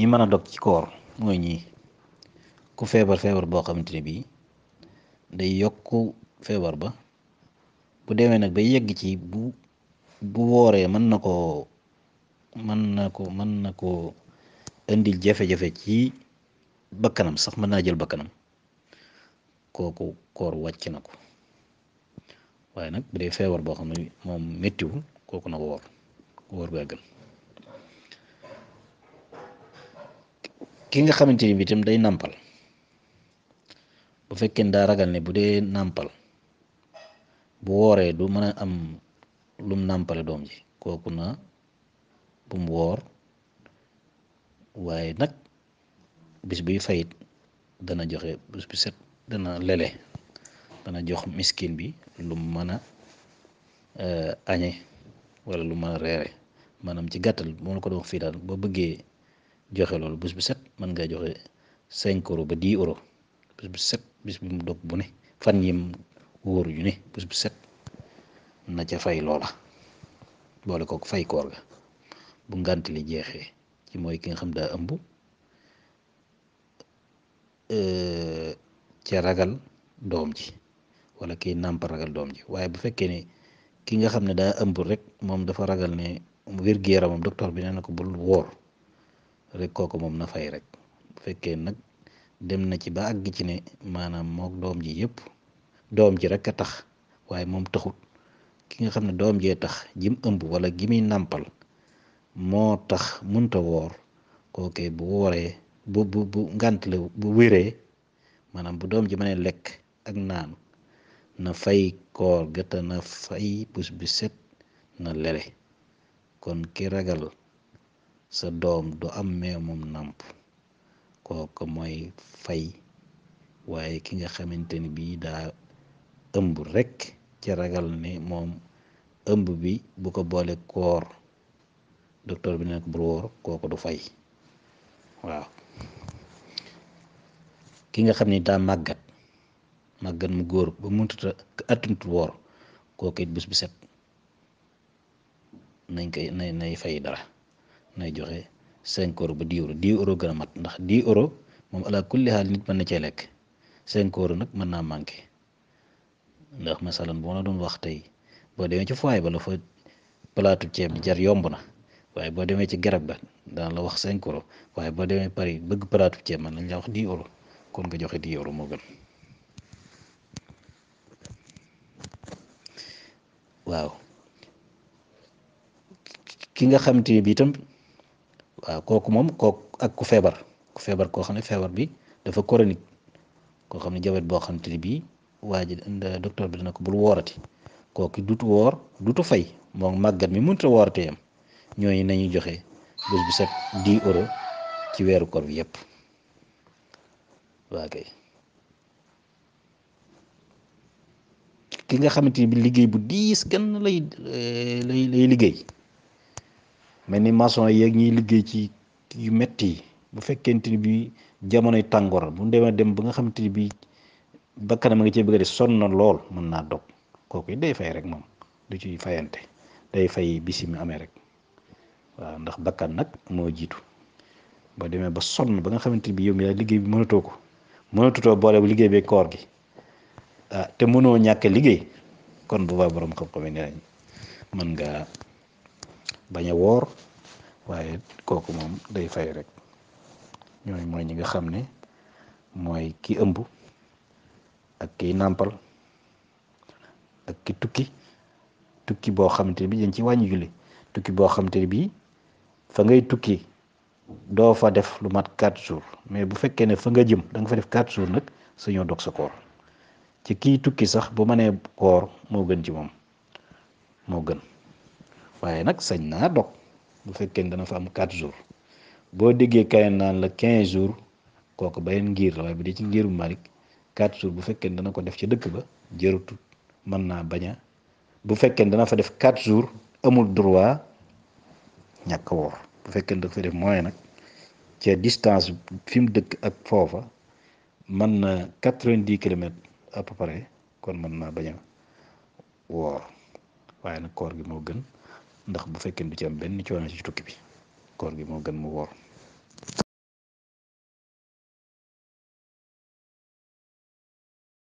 ñi mën a dog ci koor mooy ñii ku feebar feebar boo xamante ne bii day yokk feebar ba bu demee nag bay yegg ci bu bu wooree mën na ko mën na ko mën na koo indil jafe-jafe ci bakkanam sax mën naa jël bakkanam kooku koor wàcc na ko waaye nag bu dee feebar boo xam ne moom méttiwul kooku na woor woor gaa gën ki nga xamante ni bi itam day nàmpal bu fekkee daa ragal ne bu dee nàmpal bu wooree du mën a am lum nàmpale doom ji kooku naa bum mu woor waaye nag bis buy fayit dana joxe bis bu set dana lele dana jox miskin bi lum mën a eh, añe wala lu mën a reere maanaam ci gàttal moom la ko doon wax fii daal boo bëggee joxe loolu bus bu set mën ngaa joxe cinq euros ba dix euros bés bu set bés bi mu dog bu ne fan yi yim wóor yu ne bés bu set na ca fay loola boole kook fay koor ga bu ngànt li jeexee ci mooy ki nga xam daa ëmb euh, ca ragal doom ji wala kiy nàmp ragal doom ji waaye bu fekkee ne ki nga xam ne daa ëmb rek moom dafa ragal ne wér-gu-yaramam docteur bi nee na ko bul wóor rek kooku moom na fay rek bu fekkee nag dem na ci ba àgg ci ne maanaam mook doom ji yëpp doom ji rek a tax waaye moom taxut ki nga xam ne doom jee tax jim ëmb wala gi muy nàmpal moo tax mënta woor kookee bu wooree bu bu bu ngàntale bu wéree maanaam bu doom ji mënee lekk ak naan na fay koor gëta na fay bus bi set na lele kon ki ragal sa doom du am moom nàmp kooku mooy fay waaye ki nga xamante ni bii daa ëmb rekk ci ragal ne moom ëmb bi bu ko boole koor docteur bi nekk bul woor kooku du fay waaw ki nga xam ni daa màggat màggat mu góor ba mëntuta attuntu woor kooku it bés bu set nañ koy nay nay fay dara nay joxe 5 oro ba 10 euros 10 euros gën a mat ndax 10 oro moom ala kulli xaal nit mën na cee lekk 5 oro nag mën naa manqué ndax masalan bu ma la doon wax tey boo demee ci foyer ba la fa palaatu ceeb di jar yomb na waaye boo demee ci garab ba daan la wax cinq euros waaye boo demee Paris bëgg palaatu ceeb man nañ la wax 10 euros kon nga joxe 10 oro moo gën. waaw ki nga xam bi itam waaw kooku moom kook ak ku feebar ku feebar koo xam ne feebar bi dafa chronique koo xam ne jabet boo xam te ne bii waa ji docteur bi dana ko bul woorati kooku dutu woor dutu fay moom màggat mi mënut a woorate yam ñooñu nañu joxe bés bu set 10 euros ci weeru kor bi yépp waa kay ki nga xamante ni bi liggéey bu diis kenn lay euh, lay lay liggéey mel ni maçon yeeg ñuy liggéey ci yu metti yi bu fekkente ni bi jamonoy tàngoor bu demee dem ba nga xamante ni bi bakkanam a nga cee bëgg di sonn na lool mën naa dog kooku day fay rek moom du ci fayante day fay bisi amee rek waaw ndax bakkan nag moo jiitu boo demee ba sonn ba nga xamante ni bi yow mi yaa liggéey bi mënatoo ko mënatutoo boole bu liggéey bi koor gi ah, te mënoo ñàkk liggéey kon bu baax borom xam-xam yi ne nañ mën nga bañ a woor waaye kooku moom day fay rek ñooñu mooy ñi nga xam ne mooy ki ëmb ak kiy nàmpal ak ki tukki tukki boo xamante ne bi dañ ci wàññi julli tukki boo xamante ne bi fa ngay tukki doo fa def lu mat quatre jours mais bu fekkee ne fa nga jëm danga fa def quatre jours nag sañoo dog sa koor ci kii tukki sax bu mënee koor moo gën ci moom moo gën waaye nag sañ naa dog bu fekkee ne dana fa am 4 jours boo déggee kaay naan la 15 jours kooku beneen ngiir la waaye bu dee ci ngirum Malik 4 jours bu fekkee ne dana ko def ca dëkk ba jërëtul mën naa baña bu fekkee ne dana fa def 4 jours amul droit ñàkk woor bu fekkee ne da ko fa def moyen nag ca distance fi mu dëkk ak foofa mën na 90 kilomètres à peu près kon mën naa baña woor waaye nag koor gi moo gën. ndax bu fekkee du ci benn coono ci tukki bi koor gi moo gën mu woor